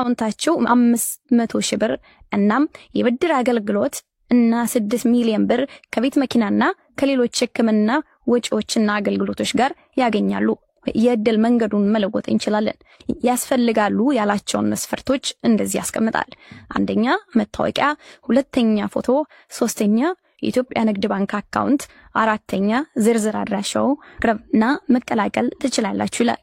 በአካውንታችሁ አምስት መቶ ሺህ ብር እናም የብድር አገልግሎት እና ስድስት ሚሊዮን ብር ከቤት መኪናና ከሌሎች ሕክምና ወጪዎችና አገልግሎቶች ጋር ያገኛሉ። የእድል መንገዱን መለወጥ እንችላለን። ያስፈልጋሉ ያላቸውን መስፈርቶች እንደዚህ ያስቀምጣል። አንደኛ መታወቂያ፣ ሁለተኛ ፎቶ፣ ሶስተኛ የኢትዮጵያ ንግድ ባንክ አካውንት፣ አራተኛ ዝርዝር አድራሻው ቅረብና መቀላቀል ትችላላችሁ ይላል።